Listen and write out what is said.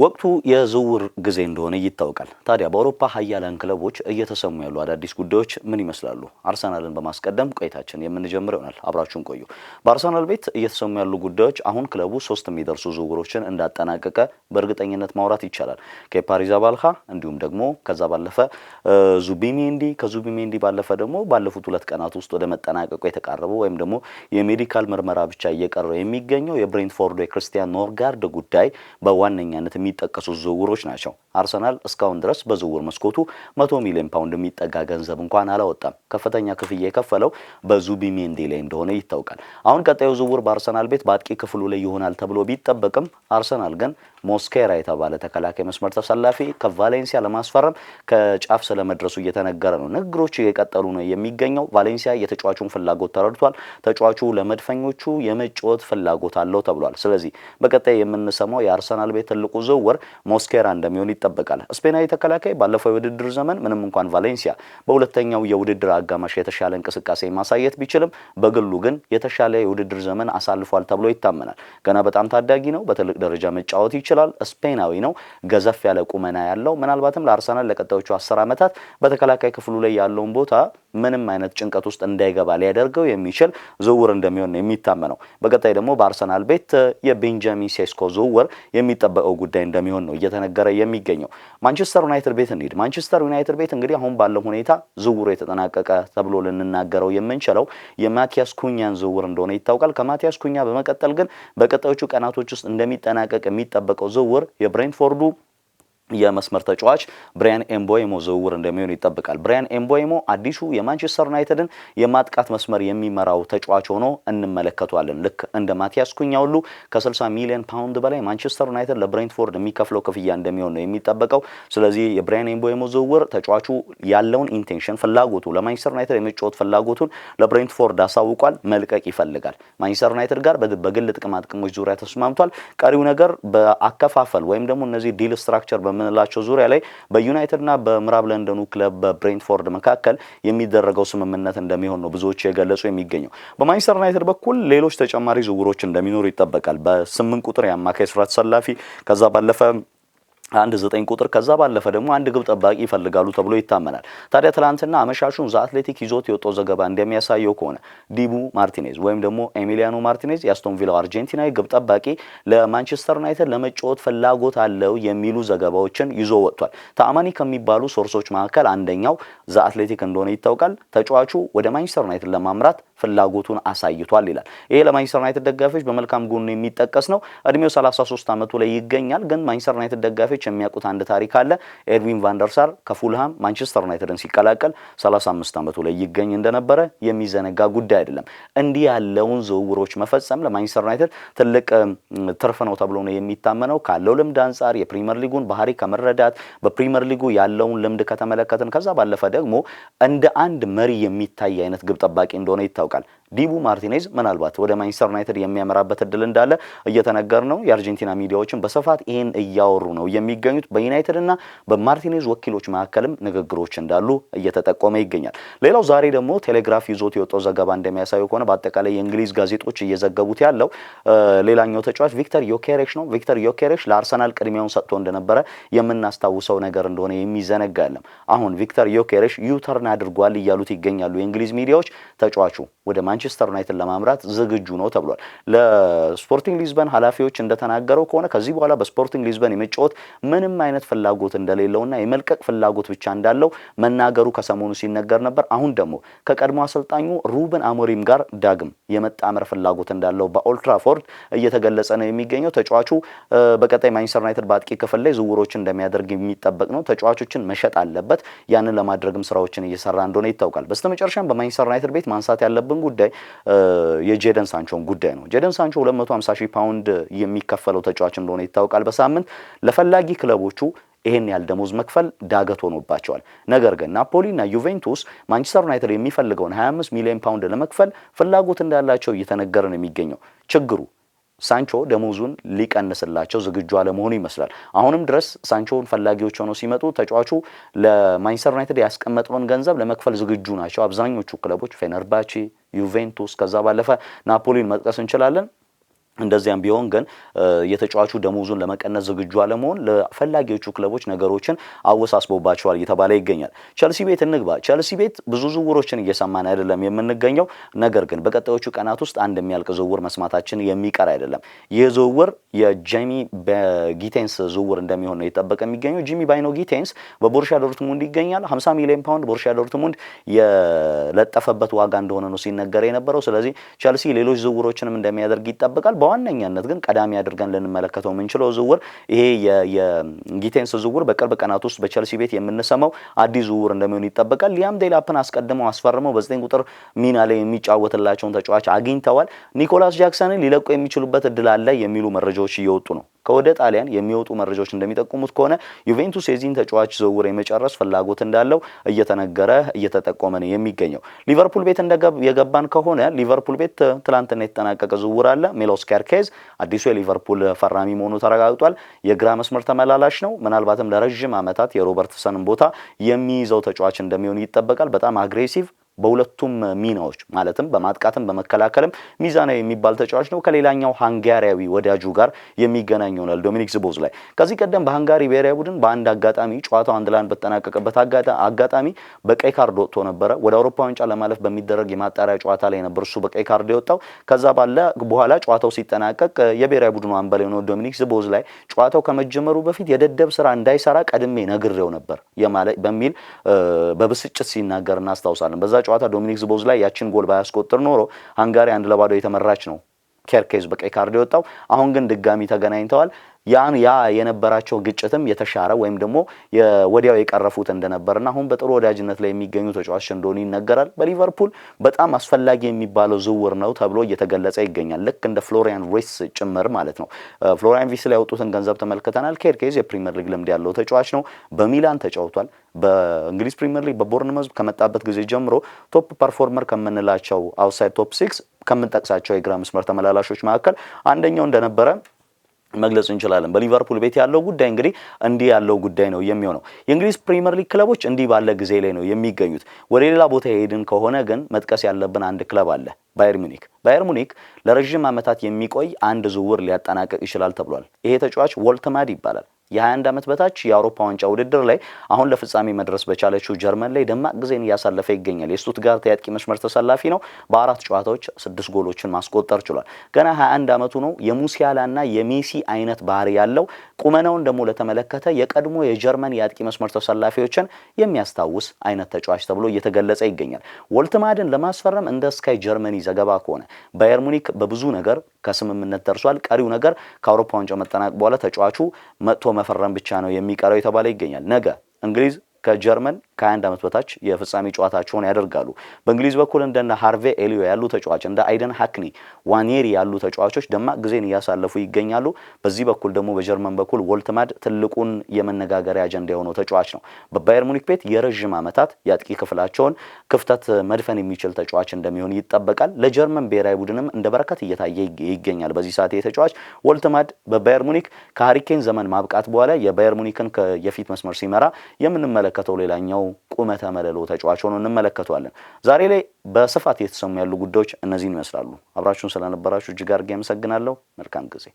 ወቅቱ የዝውውር ጊዜ እንደሆነ ይታወቃል። ታዲያ በአውሮፓ ሀያላን ክለቦች እየተሰሙ ያሉ አዳዲስ ጉዳዮች ምን ይመስላሉ? አርሰናልን በማስቀደም ቆይታችን የምንጀምር ይሆናል። አብራችሁን ቆዩ። በአርሰናል ቤት እየተሰሙ ያሉ ጉዳዮች አሁን ክለቡ ሶስት የሚደርሱ ዝውውሮችን እንዳጠናቀቀ በእርግጠኝነት ማውራት ይቻላል። ከፓሪዛ ባልካ እንዲሁም ደግሞ ከዛ ባለፈ ዙቢሜንዲ፣ ከዙቢሜንዲ ባለፈ ደግሞ ባለፉት ሁለት ቀናት ውስጥ ወደ መጠናቀቁ የተቃረበው ወይም ደግሞ የሜዲካል ምርመራ ብቻ እየቀረው የሚገኘው የብሬንትፎርዶ የክርስቲያን ኖርጋርድ ጉዳይ በዋነኛነት የሚጠቀሱ ዝውውሮች ናቸው። አርሰናል እስካሁን ድረስ በዝውውር መስኮቱ መቶ ሚሊዮን ፓውንድ የሚጠጋ ገንዘብ እንኳን አላወጣም። ከፍተኛ ክፍያ የከፈለው በዙቢሜንዲ ላይ እንደሆነ ይታወቃል። አሁን ቀጣዩ ዝውውር በአርሰናል ቤት በአጥቂ ክፍሉ ላይ ይሆናል ተብሎ ቢጠበቅም አርሰናል ግን ሞስኬራ የተባለ ተከላካይ መስመር ተሰላፊ ከቫሌንሲያ ለማስፈረም ከጫፍ ስለመድረሱ እየተነገረ ነው። ንግግሮች እየቀጠሉ ነው የሚገኘው። ቫሌንሲያ የተጫዋቹን ፍላጎት ተረድቷል። ተጫዋቹ ለመድፈኞቹ የመጫወት ፍላጎት አለው ተብሏል። ስለዚህ በቀጣይ የምንሰማው የአርሰናል ቤት ትልቁ ዝውውር ሞስኬራ እንደሚሆን ይጠበቃል። ስፔናዊ ተከላካይ ባለፈው የውድድር ዘመን ምንም እንኳን ቫሌንሲያ በሁለተኛው የውድድር አጋማሽ የተሻለ እንቅስቃሴ ማሳየት ቢችልም በግሉ ግን የተሻለ የውድድር ዘመን አሳልፏል ተብሎ ይታመናል። ገና በጣም ታዳጊ ነው። በትልቅ ደረጃ መጫወት ይችላል። ስፔናዊ ነው። ገዘፍ ያለ ቁመና ያለው ምናልባትም ለአርሰናል ለቀጣዮቹ አስር ዓመታት በተከላካይ ክፍሉ ላይ ያለውን ቦታ ምንም አይነት ጭንቀት ውስጥ እንዳይገባ ሊያደርገው የሚችል ዝውውር እንደሚሆን የሚታመነው። በቀጣይ ደግሞ በአርሰናል ቤት የቤንጃሚን ሴስኮ ዝውውር የሚጠበቀው ጉዳይ ጉዳይ እንደሚሆን ነው እየተነገረ የሚገኘው። ማንቸስተር ዩናይትድ ቤት እንሂድ። ማንቸስተር ዩናይትድ ቤት እንግዲህ አሁን ባለው ሁኔታ ዝውውሩ የተጠናቀቀ ተብሎ ልንናገረው የምንችለው የማቲያስ ኩኛን ዝውውር እንደሆነ ይታወቃል። ከማቲያስ ኩኛ በመቀጠል ግን በቀጣዮቹ ቀናቶች ውስጥ እንደሚጠናቀቅ የሚጠበቀው ዝውውር የብሬንትፎርዱ የመስመር ተጫዋች ብሪያን ኤምቦይሞ ዝውውር እንደሚሆን ይጠብቃል። ብሪያን ኤምቦይሞ አዲሱ የማንቸስተር ዩናይትድን የማጥቃት መስመር የሚመራው ተጫዋች ሆኖ እንመለከቷለን። ልክ እንደ ማቲያስ ኩኛ ሁሉ ከ60 ሚሊዮን ፓውንድ በላይ ማንቸስተር ዩናይትድ ለብሬንትፎርድ የሚከፍለው ክፍያ እንደሚሆን ነው የሚጠበቀው። ስለዚህ የብሪያን ኤምቦይሞ ዝውውር ተጫዋቹ ያለውን ኢንቴንሽን ፍላጎቱ ለማንቸስተር ዩናይትድ የመጫወት ፍላጎቱን ለብሬንትፎርድ አሳውቋል። መልቀቅ ይፈልጋል። ማንቸስተር ዩናይትድ ጋር በግል ጥቅማጥቅሞች ዙሪያ ተስማምቷል። ቀሪው ነገር በአከፋፈል ወይም ደግሞ እነዚህ ዲል ስትራክቸር በመ በምንላቸው ዙሪያ ላይ በዩናይትድና በምዕራብ ለንደኑ ክለብ በብሬንትፎርድ መካከል የሚደረገው ስምምነት እንደሚሆን ነው ብዙዎች የገለጹ የሚገኘው። በማንቸስተር ዩናይትድ በኩል ሌሎች ተጨማሪ ዝውውሮች እንደሚኖሩ ይጠበቃል። በስምንት ቁጥር የአማካይ ስራ ተሰላፊ ከዛ ባለፈ አንድ ዘጠኝ ቁጥር ከዛ ባለፈ ደግሞ አንድ ግብ ጠባቂ ይፈልጋሉ ተብሎ ይታመናል። ታዲያ ትላንትና አመሻሹን ዘ አትሌቲክ ይዞት የወጣው ዘገባ እንደሚያሳየው ከሆነ ዲቡ ማርቲኔዝ ወይም ደግሞ ኤሚሊያኖ ማርቲኔዝ የአስቶን ቪላው አርጀንቲናዊ ግብ ጠባቂ ለማንቸስተር ዩናይትድ ለመጫወት ፍላጎት አለው የሚሉ ዘገባዎችን ይዞ ወጥቷል። ተአማኒ ከሚባሉ ሶርሶች መካከል አንደኛው ዘ አትሌቲክ እንደሆነ ይታወቃል። ተጫዋቹ ወደ ማንቸስተር ዩናይትድ ለማምራት ፍላጎቱን አሳይቷል ይላል። ይሄ ለማንቸስተር ዩናይትድ ደጋፊዎች በመልካም ጎኑ የሚጠቀስ ነው። እድሜው 33 ዓመቱ ላይ ይገኛል። ግን ማንቸስተር ዩናይትድ ደጋፊዎች ተከታዮች የሚያውቁት አንድ ታሪክ አለ። ኤድዊን ቫንደርሳር ከፉልሃም ማንቸስተር ዩናይትድን ሲቀላቀል 35 ዓመቱ ላይ ይገኝ እንደነበረ የሚዘነጋ ጉዳይ አይደለም። እንዲህ ያለውን ዝውውሮች መፈጸም ለማንቸስተር ዩናይትድ ትልቅ ትርፍ ነው ተብሎ ነው የሚታመነው። ካለው ልምድ አንጻር የፕሪምየር ሊጉን ባህሪ ከመረዳት በፕሪምየር ሊጉ ያለውን ልምድ ከተመለከትን ከዛ ባለፈ ደግሞ እንደ አንድ መሪ የሚታይ አይነት ግብ ጠባቂ እንደሆነ ይታወቃል። ዲቡ ማርቲኔዝ ምናልባት ወደ ማንቸስተር ዩናይትድ የሚያመራበት እድል እንዳለ እየተነገር ነው። የአርጀንቲና ሚዲያዎችን በስፋት ይህን እያወሩ ነው የሚገኙት። በዩናይትድ እና በማርቲኔዝ ወኪሎች መካከልም ንግግሮች እንዳሉ እየተጠቆመ ይገኛል። ሌላው ዛሬ ደግሞ ቴሌግራፍ ይዞት የወጣው ዘገባ እንደሚያሳየው ከሆነ በአጠቃላይ የእንግሊዝ ጋዜጦች እየዘገቡት ያለው ሌላኛው ተጫዋች ቪክተር ዮኬሬሽ ነው። ቪክተር ዮኬሬሽ ለአርሰናል ቅድሚያውን ሰጥቶ እንደነበረ የምናስታውሰው ነገር እንደሆነ የሚዘነጋ የለም። አሁን ቪክተር ዮኬሬሽ ዩተርን አድርጓል እያሉት ይገኛሉ የእንግሊዝ ሚዲያዎች። ተጫዋቹ ወደ ማን ማንቸስተር ዩናይትድ ለማምራት ዝግጁ ነው ተብሏል። ለስፖርቲንግ ሊዝበን ኃላፊዎች እንደተናገረው ከሆነ ከዚህ በኋላ በስፖርቲንግ ሊዝበን የመጫወት ምንም አይነት ፍላጎት እንደሌለውና የመልቀቅ ፍላጎት ብቻ እንዳለው መናገሩ ከሰሞኑ ሲነገር ነበር። አሁን ደግሞ ከቀድሞ አሰልጣኙ ሩበን አሞሪም ጋር ዳግም የመጣመር ፍላጎት እንዳለው በኦልትራፎርድ እየተገለጸ ነው የሚገኘው። ተጫዋቹ በቀጣይ ማንቸስተር ዩናይትድ በአጥቂ ክፍል ላይ ዝውውሮችን እንደሚያደርግ የሚጠበቅ ነው። ተጫዋቾችን መሸጥ አለበት። ያንን ለማድረግም ስራዎችን እየሰራ እንደሆነ ይታወቃል። በስተመጨረሻም በማንቸስተር ዩናይትድ ቤት ማንሳት ያለብን ጉዳይ የጄደን ሳንቾን ጉዳይ ነው። ጄደን ሳንቾ 250 ሺህ ፓውንድ የሚከፈለው ተጫዋች እንደሆነ ይታወቃል። በሳምንት ለፈላጊ ክለቦቹ ይሄን ያህል ደሞዝ መክፈል ዳገት ሆኖባቸዋል። ነገር ግን ናፖሊ ዩቬንቱስ ማንቸስተር ዩናይትድ የሚፈልገውን 25 ሚሊዮን ፓውንድ ለመክፈል ፍላጎት እንዳላቸው እየተነገረ ነው የሚገኘው ችግሩ ሳንቾ ደሞዙን ሊቀንስላቸው ዝግጁ አለመሆኑ ይመስላል። አሁንም ድረስ ሳንቾን ፈላጊዎች ሆነው ሲመጡ ተጫዋቹ ለማንቸስተር ዩናይትድ ያስቀመጠውን ገንዘብ ለመክፈል ዝግጁ ናቸው አብዛኞቹ ክለቦች ፌነርባቺ፣ ዩቬንቱስ ከዛ ባለፈ ናፖሊን መጥቀስ እንችላለን። እንደዚያም ቢሆን ግን የተጫዋቹ ደሞዙን ለመቀነስ ዝግጁ አለመሆን ለፈላጊዎቹ ክለቦች ነገሮችን አወሳስቦባቸዋል እየተባለ ይገኛል። ቸልሲ ቤት እንግባ። ቸልሲ ቤት ብዙ ዝውሮችን እየሰማን አይደለም የምንገኘው። ነገር ግን በቀጣዮቹ ቀናት ውስጥ አንድ የሚያልቅ ዝውር መስማታችን የሚቀር አይደለም። ይህ ዝውር የጄሚ ጊቴንስ ዝውር እንደሚሆን ነው እየተጠበቀ የሚገኘው። ጂሚ ባይኖ ጊቴንስ በቦርሻ ዶርትሙንድ ይገኛል። 50 ሚሊዮን ፓውንድ ቦርሻ ዶርትሙንድ የለጠፈበት ዋጋ እንደሆነ ነው ሲነገር የነበረው። ስለዚህ ቸልሲ ሌሎች ዝውሮችንም እንደሚያደርግ ይጠበቃል። በዋነኛነት ግን ቀዳሚ አድርገን ልንመለከተው የምንችለው ዝውውር ይሄ የጊቴንስ ዝውውር በቅርብ ቀናት ውስጥ በቸልሲ ቤት የምንሰማው አዲስ ዝውውር እንደሚሆን ይጠበቃል። ሊያም ዴላፕን አስቀድመው አስፈርመው በዘጠኝ ቁጥር ሚና ላይ የሚጫወትላቸውን ተጫዋች አግኝተዋል። ኒኮላስ ጃክሰንን ሊለቁ የሚችሉበት እድል አለ የሚሉ መረጃዎች እየወጡ ነው። ከወደ ጣሊያን የሚወጡ መረጃዎች እንደሚጠቁሙት ከሆነ ዩቬንቱስ የዚህን ተጫዋች ዝውውር የመጨረስ ፍላጎት እንዳለው እየተነገረ እየተጠቆመ ነው የሚገኘው። ሊቨርፑል ቤት የገባን ከሆነ ሊቨርፑል ቤት ትላንትና የተጠናቀቀ ዝውውር አለ። ሜሎስ ኬርኬዝ አዲሱ የሊቨርፑል ፈራሚ መሆኑ ተረጋግጧል። የግራ መስመር ተመላላሽ ነው። ምናልባትም ለረዥም ዓመታት የሮበርትሰንን ቦታ የሚይዘው ተጫዋች እንደሚሆን ይጠበቃል። በጣም አግሬሲቭ በሁለቱም ሚናዎች ማለትም በማጥቃትም በመከላከልም ሚዛናዊ የሚባል ተጫዋች ነው። ከሌላኛው ሃንጋሪያዊ ወዳጁ ጋር የሚገናኝ ይሆናል ዶሚኒክ ዝቦዝ ላይ ከዚህ ቀደም በሃንጋሪ ብሔራዊ ቡድን በአንድ አጋጣሚ ጨዋታው አንድ ላንድ በተጠናቀቀበት አጋጣሚ በቀይ ካርድ ወጥቶ ነበረ። ወደ አውሮፓ ዋንጫ ለማለፍ በሚደረግ የማጣሪያ ጨዋታ ላይ ነበር እሱ በቀይ ካርድ የወጣው። ከዛ ባለ በኋላ ጨዋታው ሲጠናቀቅ የብሔራዊ ቡድኑ አንበል የሆነው ዶሚኒክ ዝቦዝ ላይ ጨዋታው ከመጀመሩ በፊት የደደብ ስራ እንዳይሰራ ቀድሜ ነግሬው ነበር በሚል በብስጭት ሲናገር እናስታውሳለን በዛ ጨዋታ ዶሚኒክ ዝቦዝ ላይ ያችን ጎል ባያስቆጥር ኖሮ ሃንጋሪ አንድ ለባዶ የተመራች ነው ኬርኬዝ በቀይ ካርድ የወጣው። አሁን ግን ድጋሚ ተገናኝተዋል። ያን ያ የነበራቸው ግጭትም የተሻረ ወይም ደግሞ ወዲያው የቀረፉት እንደነበርና አሁን በጥሩ ወዳጅነት ላይ የሚገኙ ተጫዋች እንደሆኑ ይነገራል። በሊቨርፑል በጣም አስፈላጊ የሚባለው ዝውውር ነው ተብሎ እየተገለጸ ይገኛል። ልክ እንደ ፍሎሪያን ቪርትስ ጭምር ማለት ነው። ፍሎሪያን ቪስ ላይ ያወጡትን ገንዘብ ተመልክተናል። ኬርኬዝ የፕሪሚየር ሊግ ልምድ ያለው ተጫዋች ነው። በሚላን ተጫውቷል። በእንግሊዝ ፕሪሚየር ሊግ በቦርንመዝ ከመጣበት ጊዜ ጀምሮ ቶፕ ፐርፎርመር ከምንላቸው አውትሳይድ ቶፕ ሲክስ ከምንጠቅሳቸው የግራ መስመር ተመላላሾች መካከል አንደኛው እንደነበረ መግለጽ እንችላለን። በሊቨርፑል ቤት ያለው ጉዳይ እንግዲህ እንዲህ ያለው ጉዳይ ነው የሚሆነው። የእንግሊዝ ፕሪምየር ሊግ ክለቦች እንዲህ ባለ ጊዜ ላይ ነው የሚገኙት። ወደ ሌላ ቦታ የሄድን ከሆነ ግን መጥቀስ ያለብን አንድ ክለብ አለ፣ ባየር ሙኒክ። ባየር ሙኒክ ለረዥም ዓመታት የሚቆይ አንድ ዝውውር ሊያጠናቀቅ ይችላል ተብሏል። ይሄ ተጫዋች ወልተማድ ይባላል። የ21 ዓመት በታች የአውሮፓ ዋንጫ ውድድር ላይ አሁን ለፍጻሜ መድረስ በቻለችው ጀርመን ላይ ደማቅ ጊዜን እያሳለፈ ይገኛል። የስቱትጋርት የአጥቂ መስመር ተሰላፊ ነው። በአራት ጨዋታዎች ስድስት ጎሎችን ማስቆጠር ችሏል። ገና 21 ዓመቱ ነው። የሙሲያላና የሜሲ አይነት ባህሪ ያለው ቁመናውን ደግሞ ለተመለከተ የቀድሞ የጀርመን የአጥቂ መስመር ተሰላፊዎችን የሚያስታውስ አይነት ተጫዋች ተብሎ እየተገለጸ ይገኛል። ወልትማድን ለማስፈረም እንደ ስካይ ጀርመኒ ዘገባ ከሆነ ባየር ሙኒክ በብዙ ነገር ከስምምነት ደርሷል። ቀሪው ነገር ከአውሮፓ ዋንጫ መጠናቅ በኋላ ተጫዋቹ መጥቶ መፈረም ብቻ ነው የሚቀረው የተባለ ይገኛል። ነገ እንግሊዝ ከጀርመን ከ21 ዓመት በታች የፍጻሜ ጨዋታቸውን ያደርጋሉ። በእንግሊዝ በኩል እንደነ ሃርቬ ኤሊዮ ያሉ ተጫዋች እንደ አይደን ሃክኒ ዋኔሪ ያሉ ተጫዋቾች ደማቅ ጊዜን እያሳለፉ ይገኛሉ። በዚህ በኩል ደግሞ በጀርመን በኩል ወልትማድ ትልቁን የመነጋገሪያ አጀንዳ የሆነው ተጫዋች ነው። በባየር ሙኒክ ቤት የረዥም ዓመታት የአጥቂ ክፍላቸውን ክፍተት መድፈን የሚችል ተጫዋች እንደሚሆን ይጠበቃል። ለጀርመን ብሔራዊ ቡድንም እንደ በረከት እየታየ ይገኛል። በዚህ ሰዓት የተጫዋች ወልትማድ በባየር ሙኒክ ከሀሪኬን ዘመን ማብቃት በኋላ የባየር ሙኒክን የፊት መስመር ሲመራ የምንመለከተው ሌላኛው ቁመተ መለሎ ተጫዋች ሆኖ እንመለከተዋለን። ዛሬ ላይ በስፋት የተሰሙ ያሉ ጉዳዮች እነዚህን ይመስላሉ። አብራችሁን ስለነበራችሁ እጅግ አድርጌ አመሰግናለሁ። መልካም ጊዜ